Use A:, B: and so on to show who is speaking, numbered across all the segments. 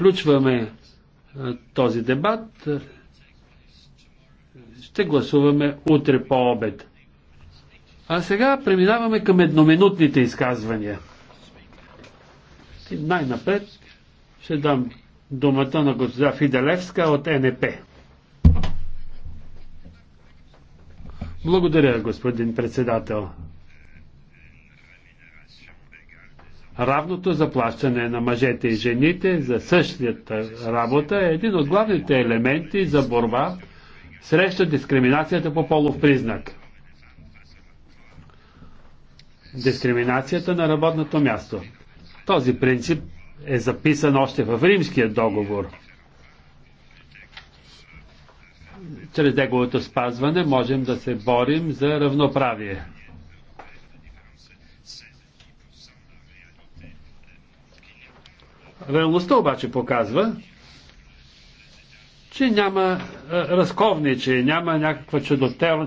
A: приключваме този дебат. Ще гласуваме утре по обед. А сега преминаваме към едноминутните изказвания. най-напред ще дам думата на госпожа Фиделевска от НП. Благодаря, господин председател. равното заплащане на мъжете и жените за същата работа е един от главните елементи за борба срещу дискриминацията по полов признак. Дискриминацията на работното място. Този принцип е записан още в Римския договор. Чрез неговото спазване можем да се борим за равноправие. Реалността обаче показва, че няма е, разковниче, няма някаква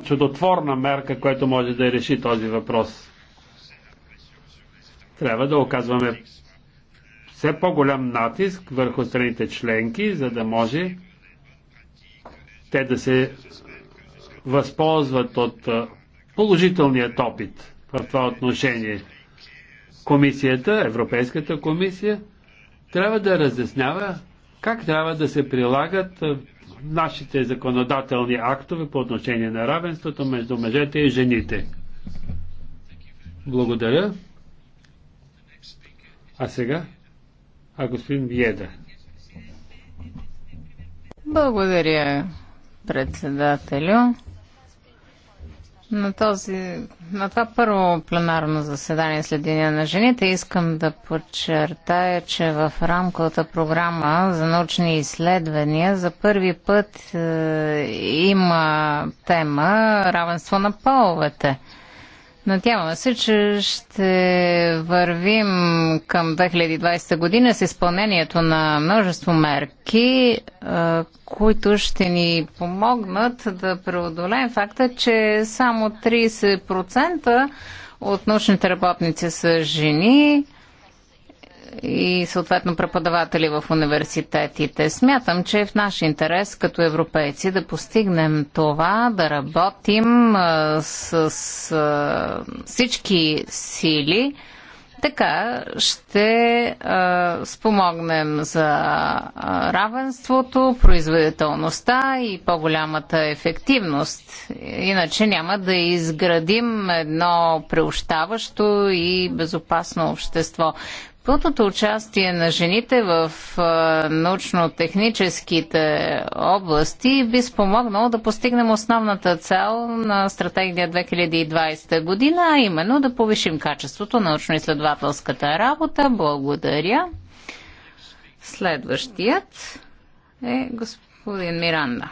A: чудотворна мерка, която може да реши този въпрос. Трябва да оказваме все по-голям натиск върху страните членки, за да може те да се възползват от е, положителният опит в това отношение. Комисията, Европейската комисия, трябва да разяснява как трябва да се прилагат нашите законодателни актове по отношение на равенството между мъжете и жените. Благодаря. А сега? А господин Виеда.
B: Благодаря, председателю. На, този, на това първо пленарно заседание след Деня на жените искам да подчертая, че в рамковата програма за научни изследвания за първи път е, има тема равенство на половете. Надяваме се, че ще вървим към 2020 година с изпълнението на множество мерки, които ще ни помогнат да преодолеем факта, че само 30% от научните работници са жени и съответно преподаватели в университетите. Смятам, че е в наш интерес като европейци да постигнем това, да работим с, с всички сили. Така ще а, спомогнем за равенството, производителността и по-голямата ефективност. Иначе няма да изградим едно преощаващо и безопасно общество. Пълното участие на жените в научно-техническите области би спомогнало да постигнем основната цел на стратегия 2020 година, а именно да повишим качеството на научно-изследователската работа. Благодаря. Следващият е господин Миранда.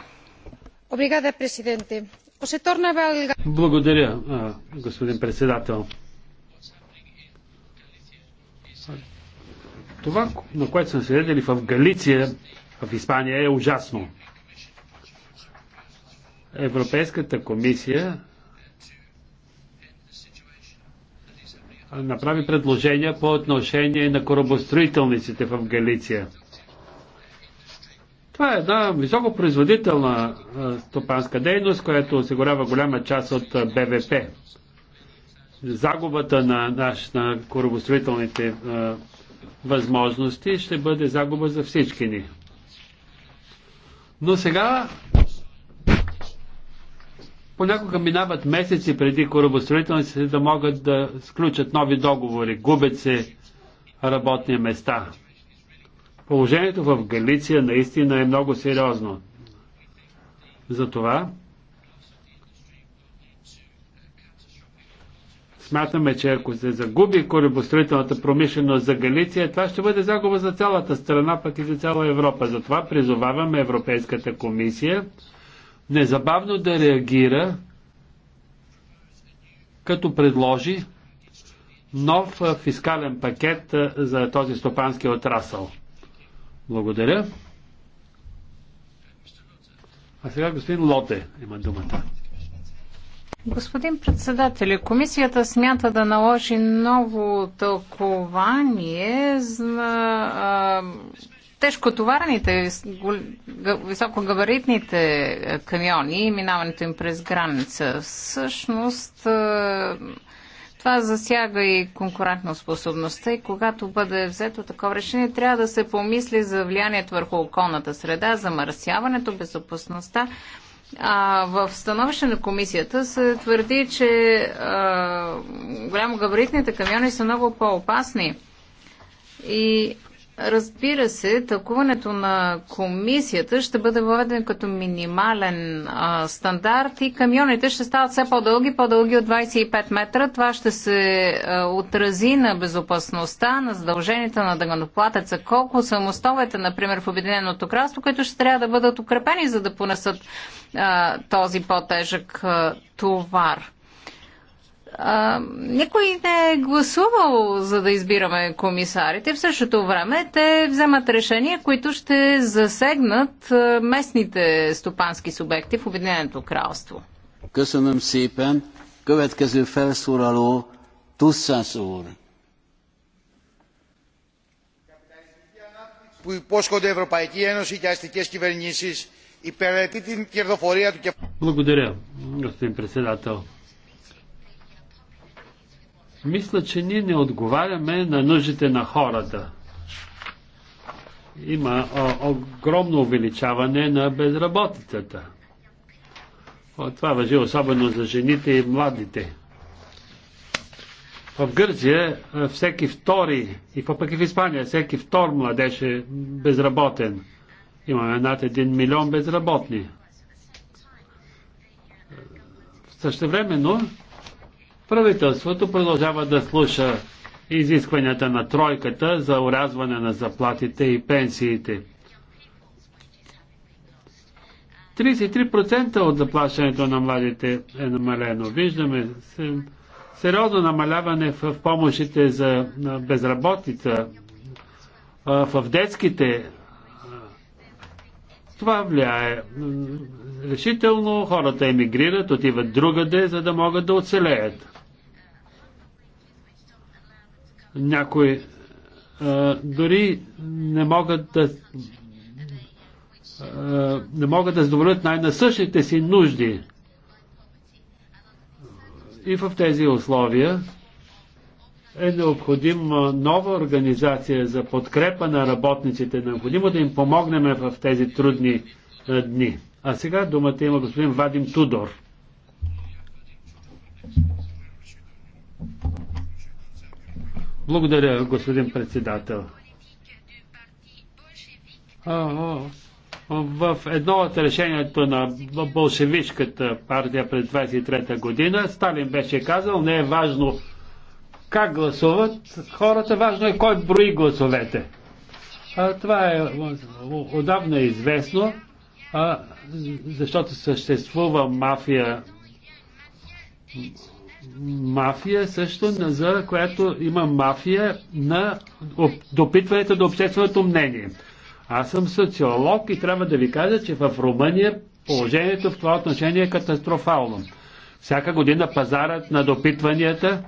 A: Благодаря, господин председател. Това, на което сме свидетели в Галиция, в Испания, е ужасно. Европейската комисия направи предложения по отношение на корабостроителниците в Галиция. Това е една високопроизводителна стопанска дейност, която осигурява голяма част от БВП. Загубата на, наш, на корабостроителните възможности ще бъде загуба за всички ни. Но сега понякога минават месеци преди корабостроителниците да могат да сключат нови договори. Губят се работни места. Положението в Галиция наистина е много сериозно. Затова Смятаме, че ако се загуби корабостроителната промишленост за Галиция, това ще бъде загуба за цялата страна, пък и за цяла Европа. Затова призоваваме Европейската комисия незабавно да реагира, като предложи нов фискален пакет за този стопански отрасъл. Благодаря. А сега господин Лоте има думата.
B: Господин председател, комисията смята да наложи ново тълкование на тежкотоварните, високогабаритните камиони и минаването им през граница. Всъщност, това засяга и способността, и когато бъде взето такова решение, трябва да се помисли за влиянието върху околната среда, замърсяването, безопасността а, в становище на комисията се твърди, че а, голямогабаритните камиони са много по-опасни и Разбира се, тълкуването на комисията ще бъде въведен като минимален а, стандарт и камионите ще стават все по-дълги, по-дълги от 25 метра. Това ще се а, отрази на безопасността, на задълженията на дъганоплатеца, колко самостовете, например, в Обединеното кралство, които ще трябва да бъдат укрепени, за да понесат а, този по-тежък товар а, никой не е гласувал за да избираме комисарите. В същото време те вземат решения, които ще засегнат местните стопански субекти в Обединеното кралство.
A: Късанам szépen. Következő felszólaló Tussas úr. που υπόσχονται Ευρωπαϊκή Ένωση και αστικές κυβερνήσεις υπερετεί την κερδοφορία του κεφαλαίου. Благодаря, господин председател. Мисля, че ние не отговаряме на нуждите на хората. Има огромно увеличаване на безработицата. Това въжи особено за жените и младите. В Гърция всеки втори, и пък и в Испания, всеки втор младеж е безработен. Имаме над един милион безработни. Същевременно Правителството продължава да слуша изискванията на тройката за урязване на заплатите и пенсиите. 33% от заплащането на младите е намалено. Виждаме сериозно намаляване в помощите за безработица, в детските. Това влияе. Решително хората емигрират, отиват другаде, за да могат да оцелеят. Някои а, дори не могат да а, не могат да задоволят най-насъщните си нужди. И в тези условия е необходима нова организация за подкрепа на работниците. Необходимо да им помогнем в тези трудни дни. А сега думата има господин Вадим Тудор. Благодаря, господин председател. В едно от решението на Болшевичката партия през 23-та година Сталин беше казал, не е важно как гласуват хората, важно е кой брои гласовете. А, това е отдавна известно, а, защото съществува мафия мафия е също, за която има мафия на допитването до общественото мнение. Аз съм социолог и трябва да ви кажа, че в Румъния положението в това отношение е катастрофално. Всяка година пазарът на допитванията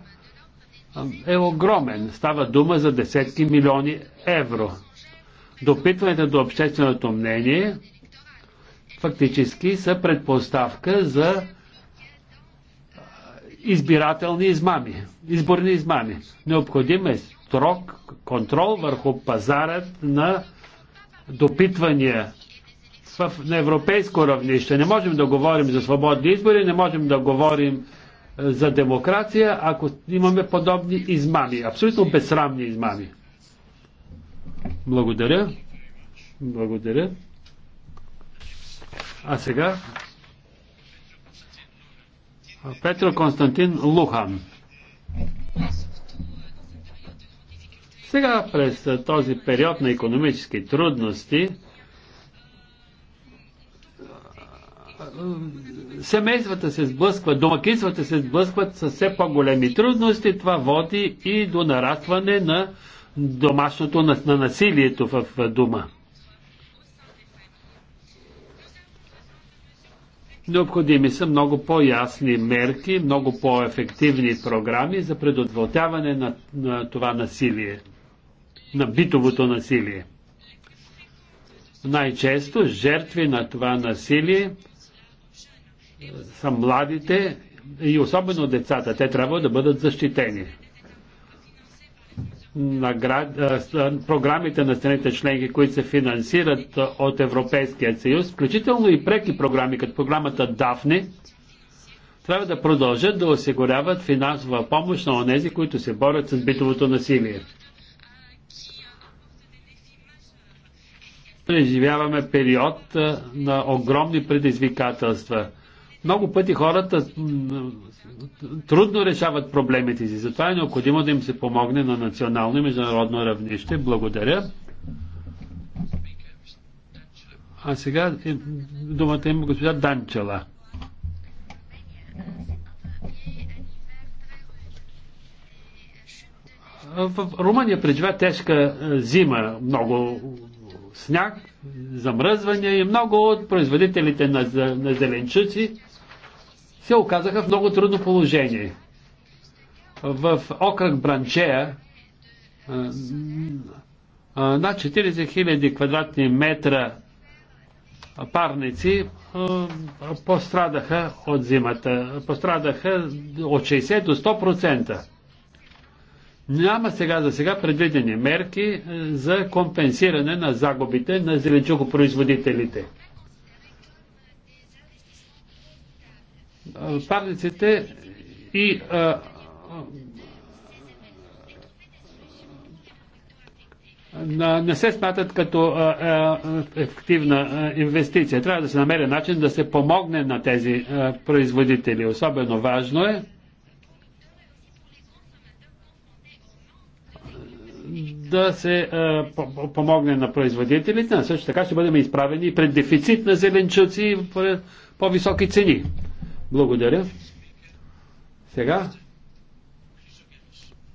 A: е огромен. Става дума за десетки милиони евро. Допитването до общественото мнение фактически са предпоставка за избирателни измами, изборни измами. Необходим е строг контрол върху пазарът на допитвания в, на европейско равнище. Не можем да говорим за свободни избори, не можем да говорим е, за демокрация, ако имаме подобни измами. Абсолютно безсрамни измами. Благодаря. Благодаря. А сега Петро Константин Лухан. Сега през този период на економически трудности семействата се сблъскват, домакинствата се сблъскват с все по-големи трудности. Това води и до нарастване на домашното на насилието в дома. Необходими са много по-ясни мерки, много по-ефективни програми за предотвратяване на, на това насилие, на битовото насилие. Най-често жертви на това насилие са младите и особено децата. Те трябва да бъдат защитени наград, програмите на страните членки, които се финансират от Европейския съюз, включително и преки програми, като програмата ДАФни, трябва да продължат да осигуряват финансова помощ на онези, които се борят с битовото насилие. Преживяваме период на огромни предизвикателства – много пъти хората трудно решават проблемите си, затова е необходимо да им се помогне на национално и международно равнище. Благодаря. А сега е, думата има госпожа Данчела. В Румъния преживя тежка е, зима, много сняг, замръзване и много от производителите на, на зеленчуци се оказаха в много трудно положение. В окръг Бранчея над 40 000 квадратни метра парници пострадаха от зимата. Пострадаха от 60 до 100%. Няма сега за сега предвидени мерки за компенсиране на загубите на зеленчукопроизводителите. парниците и а, а, не се смятат като а, ефективна инвестиция. Трябва да се намери начин да се помогне на тези производители. Особено важно е да се помогне на производителите, а също така ще бъдем изправени пред дефицит на зеленчуци и по-високи цени. Благодаря. Сега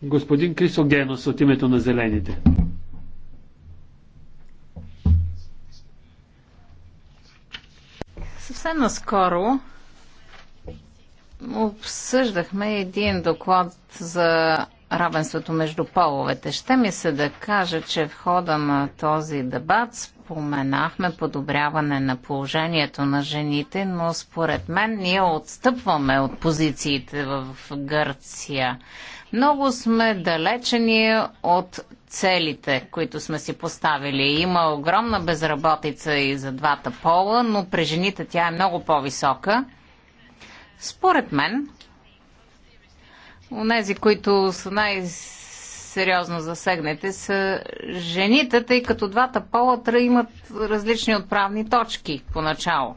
A: господин Крисогенос от името на Зелените.
B: Съвсем наскоро обсъждахме един доклад за равенството между половете. Ще ми се да кажа, че в хода на този дебат споменахме подобряване на положението на жените, но според мен ние отстъпваме от позициите в Гърция. Много сме далечени от целите, които сме си поставили. Има огромна безработица и за двата пола, но при жените тя е много по-висока. Според мен, Онези, които са най-сериозно засегнете, са жените, тъй като двата пола имат различни отправни точки поначало.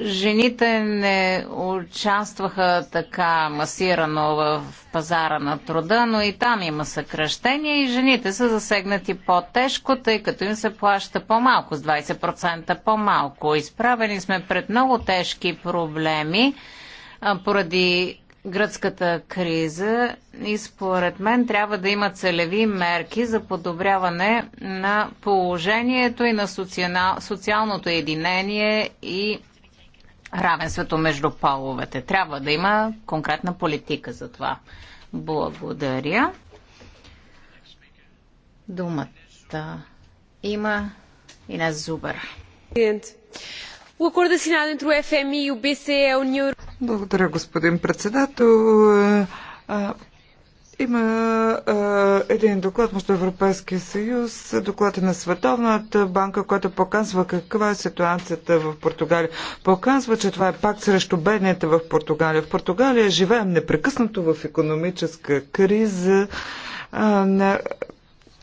B: Жените не участваха така масирано в пазара на труда, но и там има съкръщения и жените са засегнати по-тежко, тъй като им се плаща по-малко, с 20% по-малко. Изправени сме пред много тежки проблеми поради гръцката криза и според мен трябва да има целеви мерки за подобряване на положението и на социалното единение и равенството между половете. Трябва да има конкретна политика за това. Благодаря. Думата има и на Зубър. E e,
C: Благодаря, господин председател. Е, е, има а, е, един доклад между Европейския съюз, доклад е на Световната банка, който показва каква е ситуацията в Португалия. Показва, че това е пакт срещу бедните в Португалия. В Португалия живеем непрекъснато в економическа криза. А, на,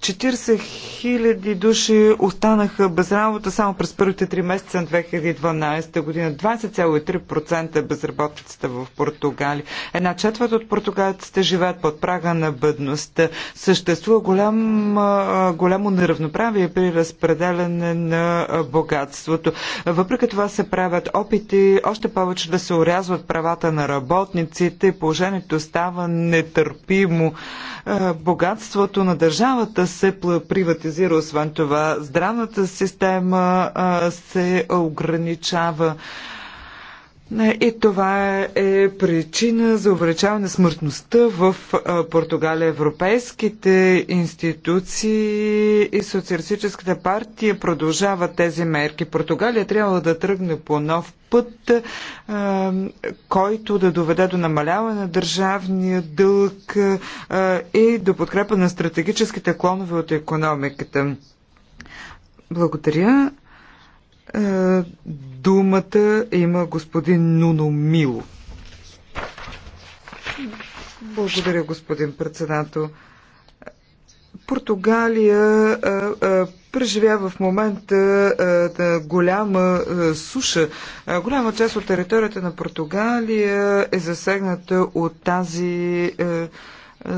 C: 40 000 души останаха без работа само през първите три месеца на 2012 година. 20,3% безработицата в Португалия. Една четвърт от португалците живеят под прага на бъдността. Съществува голям, голямо неравноправие при разпределяне на богатството. Въпреки това се правят опити още повече да се урязват правата на работниците. Положението става нетърпимо. Богатството на държавата се приватизира. Освен това, здравната система се ограничава. Е, и това е причина за увеличаване смъртността в Португалия. Европейските институции и Социалистическата партия продължават тези мерки. Португалия трябва да тръгне по нов път, който да доведе до намаляване на държавния дълг и до подкрепа на стратегическите клонове от економиката. Благодаря. Е, думата има господин Нуно Мило. Благодаря, господин председател. Португалия е, е, преживява в момента голяма суша. голяма част от територията на Португалия е засегната от тази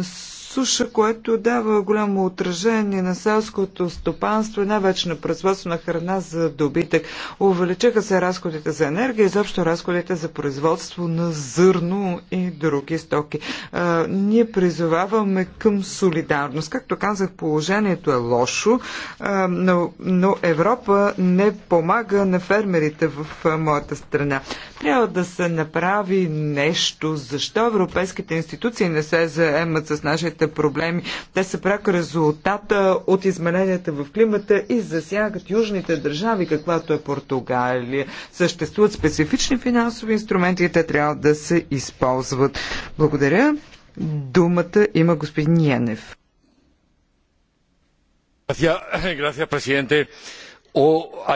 C: суша суша, което дава голямо отражение на селското стопанство и най-вече на производство на храна за добитък. Увеличиха се разходите за енергия, изобщо разходите за производство на зърно и други стоки. А, ние призоваваме към солидарност. Както казах, положението е лошо, а, но, но Европа не помага на фермерите в а, моята страна. Трябва да се направи нещо. Защо европейските институции не се заемат с нашите проблеми? Те са пряк резултата от измененията в климата и засягат южните държави, каквато е Португалия. Съществуват специфични финансови инструменти и те трябва да се използват. Благодаря. Думата има господин Янев.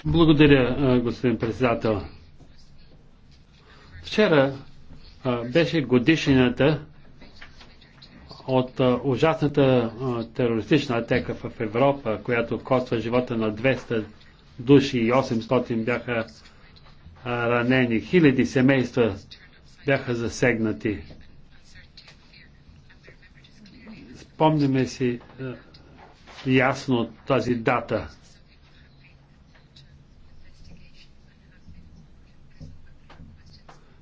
A: Благодаря, господин председател. Вчера а, беше годишнината от а, ужасната а, терористична атека в Европа, която коства живота на 200 души и 800 бяха а, ранени. Хиляди семейства бяха засегнати. Спомняме си а, ясно тази дата.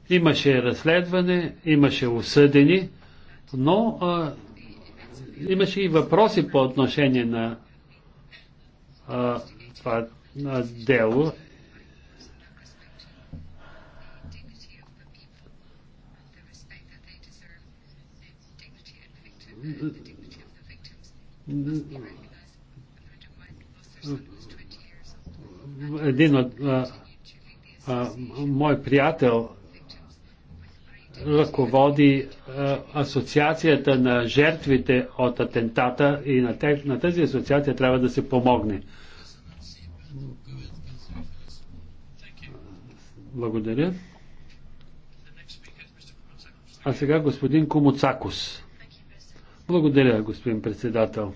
A: Имаше разследване, имаше осъдени, но а, имаше и въпроси по отношение на а, това на дело. Един от а, а, мой приятел ръководи е, асоциацията на жертвите от атентата и на, тази асоциация трябва да се помогне. Благодаря. А сега господин Комуцакус. Благодаря, господин председател.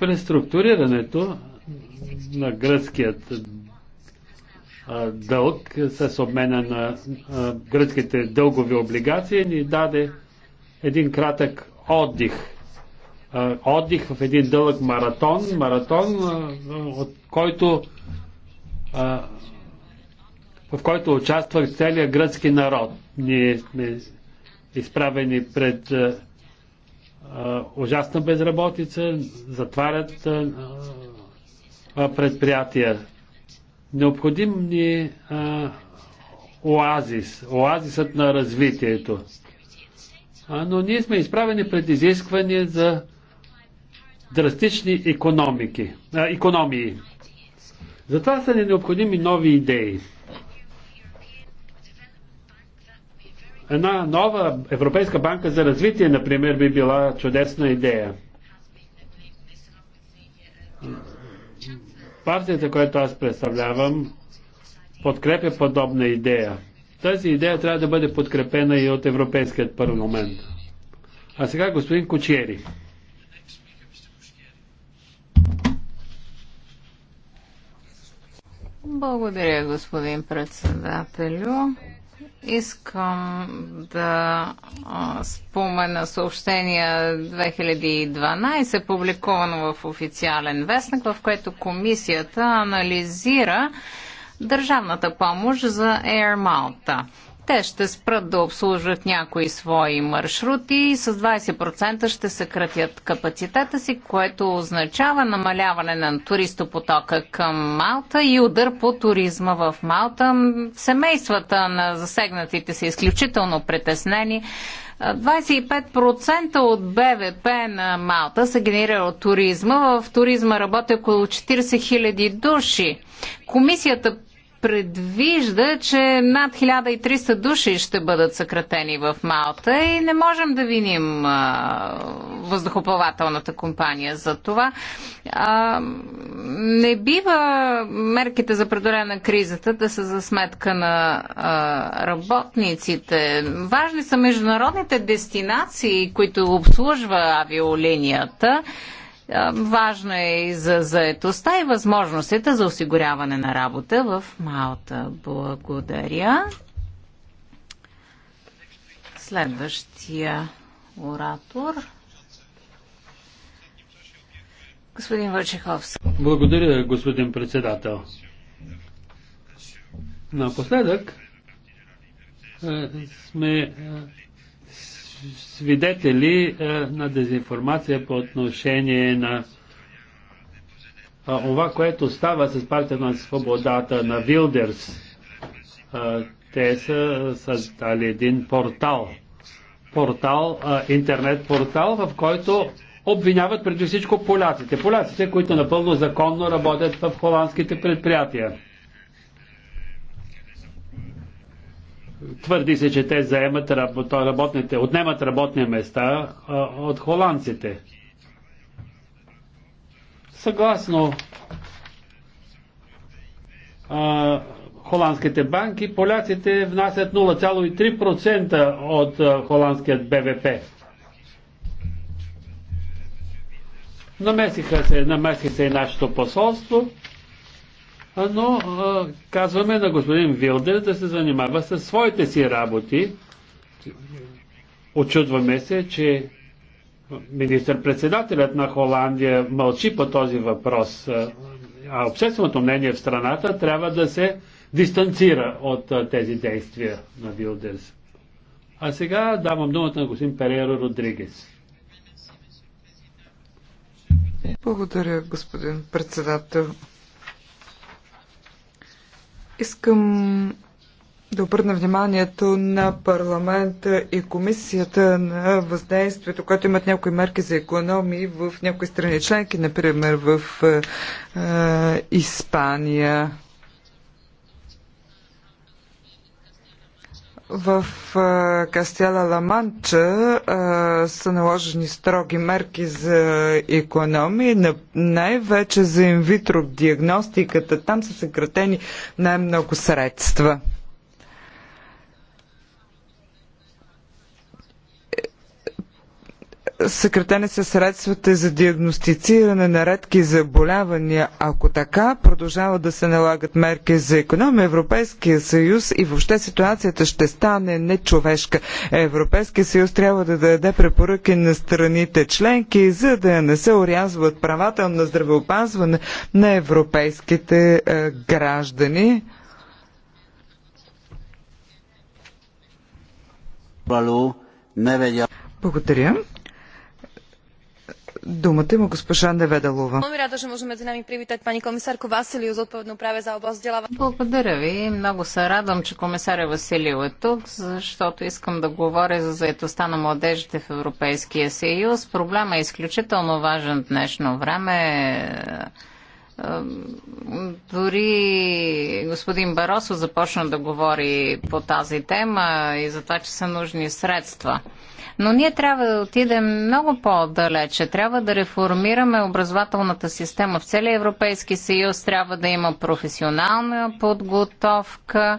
A: Преструктурирането на гръцкият дълг с обмена на гръцките дългови облигации ни даде един кратък отдих. Отдих в един дълъг маратон, маратон, от който, в който участва целият гръцки народ. Ние сме изправени пред ужасна безработица, затварят предприятия. Необходим ни е оазис, оазисът на развитието. А, но ние сме изправени пред изискване за драстични економики, а, економии. Затова са ни необходими нови идеи. Една нова Европейска банка за развитие, например, би била чудесна идея. Партията, която аз представлявам, подкрепя подобна идея. Тази идея трябва да бъде подкрепена и от Европейският парламент. А сега господин Кучери.
B: Благодаря, господин председателю. Искам да спомена съобщение 2012, публикувано в официален вестник, в което комисията анализира държавната помощ за Air Malta. Те ще спрат да обслужват някои свои маршрути и с 20% ще съкратят капацитета си, което означава намаляване на туристопотока към Малта и удар по туризма в Малта. Семействата на засегнатите са изключително притеснени. 25% от БВП на Малта се генерира от туризма. В туризма работи около 40 000 души. Комисията предвижда, че над 1300 души ще бъдат съкратени в Малта и не можем да виним а, въздухоплавателната компания за това. А, не бива мерките за преодоляване на кризата да са за сметка на а, работниците. Важни са международните дестинации, които обслужва авиолинията. Важно е и за заетостта и възможностите за осигуряване на работа в Малта. Благодаря. Следващия оратор. Господин Върчеховски.
A: Благодаря, господин председател. Напоследък сме свидетели е, на дезинформация по отношение на това, което става с партията на свободата на Вилдерс. Те са създали един портал. Портал, интернет портал, в който обвиняват преди всичко поляците. Поляците, които напълно законно работят в холандските предприятия. Твърди се, че те заемат работните, отнемат работни места от холандците. Съгласно а, холандските банки, поляците внасят 0,3% от а, холандският БВП. Намесиха се, намеси се и нашето посолство но а, казваме на господин Вилдер да се занимава с своите си работи. Очудваме се, че министър-председателят на Холандия мълчи по този въпрос, а общественото мнение в страната трябва да се дистанцира от тези действия на Вилдерс. А сега давам думата на господин Переро Родригес.
C: Благодаря, господин председател. Искам да обърна вниманието на парламента и комисията на въздействието, което имат някои мерки за економии в някои страни членки, например в е, е Испания. В Кастела Ламанча са наложени строги мерки за економия, най-вече за инвитро диагностиката. Там са съкратени най-много средства. съкратени са средствата за диагностициране на редки заболявания. Ако така продължават да се налагат мерки за економия, Европейския съюз и въобще ситуацията ще стане нечовешка. Европейския съюз трябва да даде препоръки на страните членки, за да не се орязват правата на здравеопазване на европейските е, граждани. Благодаря. Думата има госпожа Неведалова. Много
B: рада, че можем да нами привитат пани комисарко Василио за отповедно праве за област Благодаря ви. Много се радвам, че комисаря Василио е тук, защото искам да говоря за заедостта на младежите в Европейския съюз. Проблема е изключително важен в днешно време. Е, е, дори господин Баросо започна да говори по тази тема и за това, че са нужни средства. Но ние трябва да отидем много по-далече. Трябва да реформираме образователната система в целия Европейски съюз. Трябва да има професионална подготовка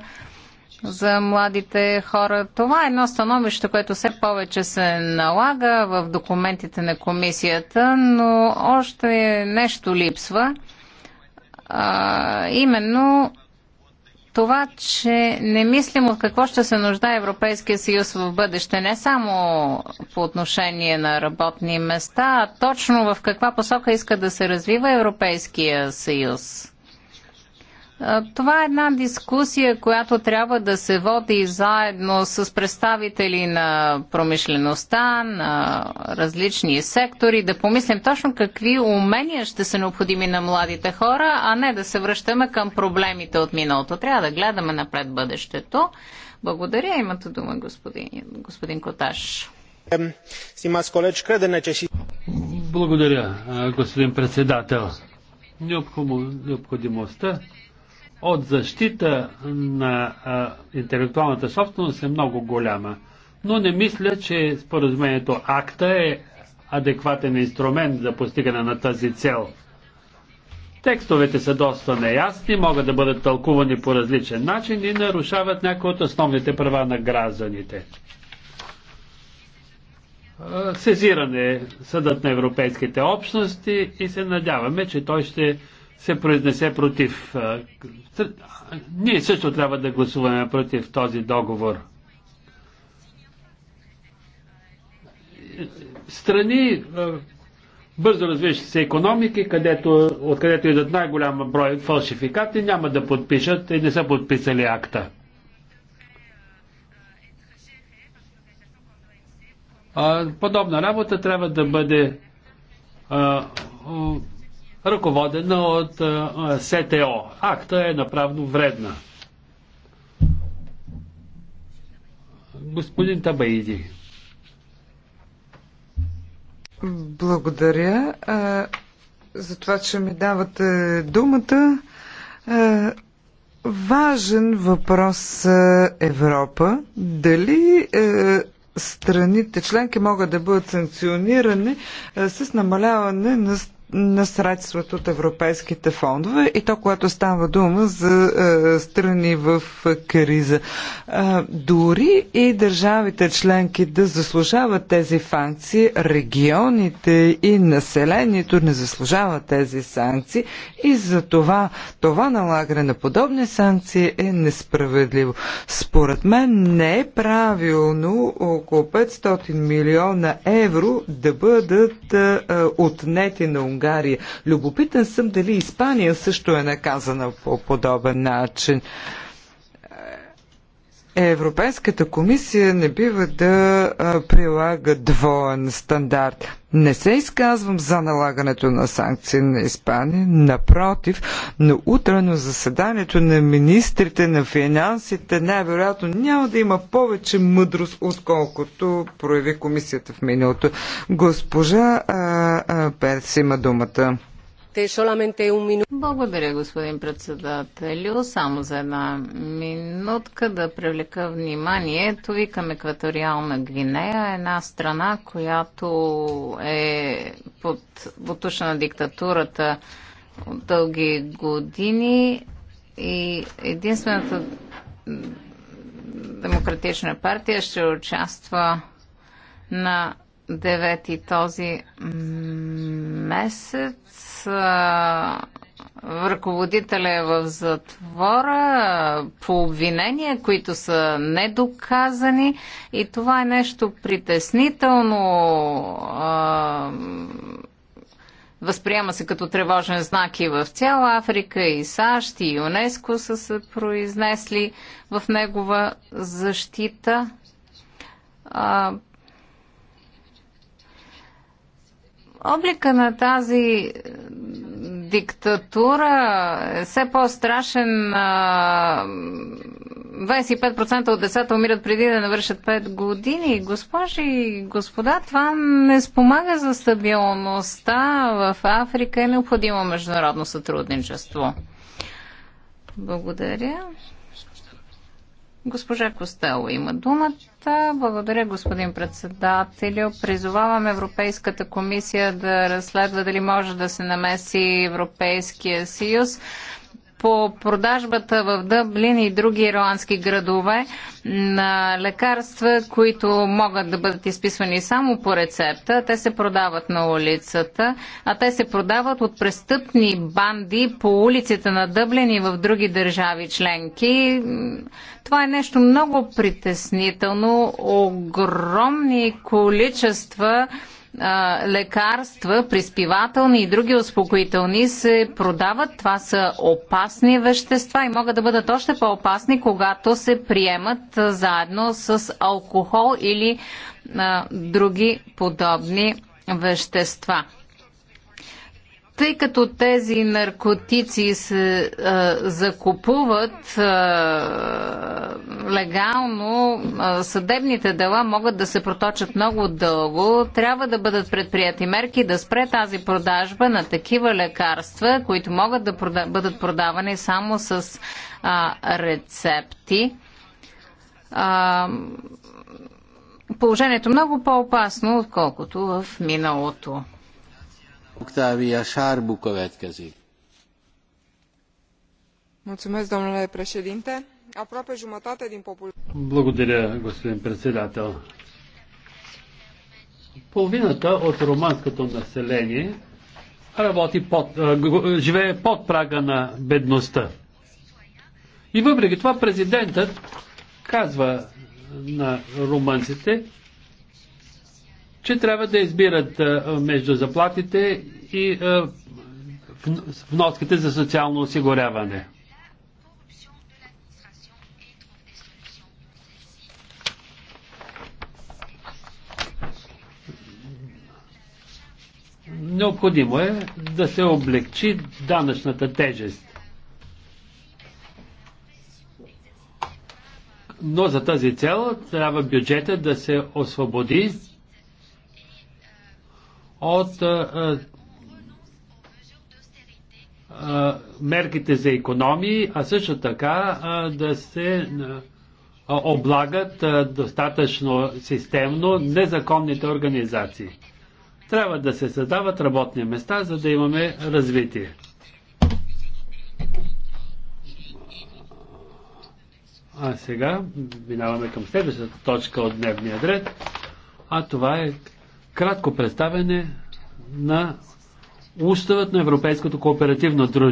B: за младите хора. Това е едно становище, което все повече се налага в документите на комисията, но още нещо липсва. А, именно това, че не мислим от какво ще се нуждае Европейския съюз в бъдеще, не само по отношение на работни места, а точно в каква посока иска да се развива Европейския съюз. Това е една дискусия, която трябва да се води заедно с представители на промишлеността, на различни сектори, да помислим точно какви умения ще са необходими на младите хора, а не да се връщаме към проблемите от миналото. Трябва да гледаме напред бъдещето. Благодаря. Имате дума, господин, господин Коташ.
A: Благодаря, господин председател. необходимостта от защита на а, интелектуалната собственост е много голяма. Но не мисля, че споразумението АКТА е адекватен инструмент за постигане на тази цел. Текстовете са доста неясни, могат да бъдат тълкувани по различен начин и нарушават някои от основните права на гражданите. Сезиране е съдът на европейските общности и се надяваме, че той ще се произнесе против. Ние също трябва да гласуваме против този договор. Страни, бързо развиващи се економики, където, откъдето идват най-голям брой фалшификати, няма да подпишат и не са подписали акта. подобна работа трябва да бъде ръководена от СТО. Акта е направно вредна. Господин Табаиди.
C: Благодаря а, за това, че ми давате думата. А, важен въпрос а, Европа. Дали а, е, страните членки могат да бъдат санкционирани а, е, с намаляване на на средствата от европейските фондове и то, което става дума за е, страни в криза. Е, дори и държавите членки да заслужават тези санкции, регионите и населението не заслужават тези санкции и за това това налагане на подобни санкции е несправедливо. Според мен не е правилно около 500 милиона евро да бъдат е, отнети на Унгария България. Любопитен съм дали Испания също е наказана по подобен начин. Европейската комисия не бива да прилага двоен стандарт. Не се изказвам за налагането на санкции на Испания, напротив, но утре на заседанието на министрите на финансите най-вероятно няма да има повече мъдрост, отколкото прояви комисията в миналото. Госпожа а, а, Перс има думата.
B: Благодаря, господин председателю. Само за една минутка да привлека вниманието ви към Екваториална Гвинея, една страна, която е под бутуша на диктатурата от дълги години и единствената демократична партия ще участва на девети този месец. Ръководителя е в затвора по обвинения, които са недоказани и това е нещо притеснително. Възприема се като тревожен знак и в цяла Африка, и САЩ, и ЮНЕСКО са се произнесли в негова защита Облика на тази е, диктатура е все по-страшен. 25% от децата умират преди да навършат 5 години. Госпожи и господа, това не спомага за стабилността в Африка. Е необходимо международно сътрудничество. Благодаря. Госпожа Костело има думата. Благодаря, господин председател. Призовавам Европейската комисия да разследва дали може да се намеси Европейския съюз по продажбата в Дъблин и други ирландски градове на лекарства, които могат да бъдат изписвани само по рецепта. Те се продават на улицата, а те се продават от престъпни банди по улиците на Дъблин и в други държави членки. Това е нещо много притеснително. Огромни количества лекарства, приспивателни и други успокоителни се продават. Това са опасни вещества и могат да бъдат още по-опасни, когато се приемат заедно с алкохол или други подобни вещества. Тъй като тези наркотици се а, закупуват а, легално, а, съдебните дела могат да се проточат много дълго. Трябва да бъдат предприяти мерки да спре тази продажба на такива лекарства, които могат да прода- бъдат продавани само с а, рецепти. А, положението е много по-опасно, отколкото в миналото.
A: Octavia Sarbu következik.
C: Mulțumesc, domnule președinte. Aproape jumătate din populație...
A: Благодаря, господин председател. Половината от романското население работи под, живее под прага на бедността. И въпреки това президентът казва на румънците, че трябва да избират между заплатите и вноските за социално осигуряване. Необходимо е да се облегчи данъчната тежест. Но за тази цел трябва бюджета да се освободи от а, а, мерките за економии, а също така а, да се а, облагат а, достатъчно системно незаконните организации. Трябва да се създават работни места, за да имаме развитие. А сега минаваме към следващата точка от дневния ред, а това е кратко представяне на Уставът на Европейското кооперативно дружество.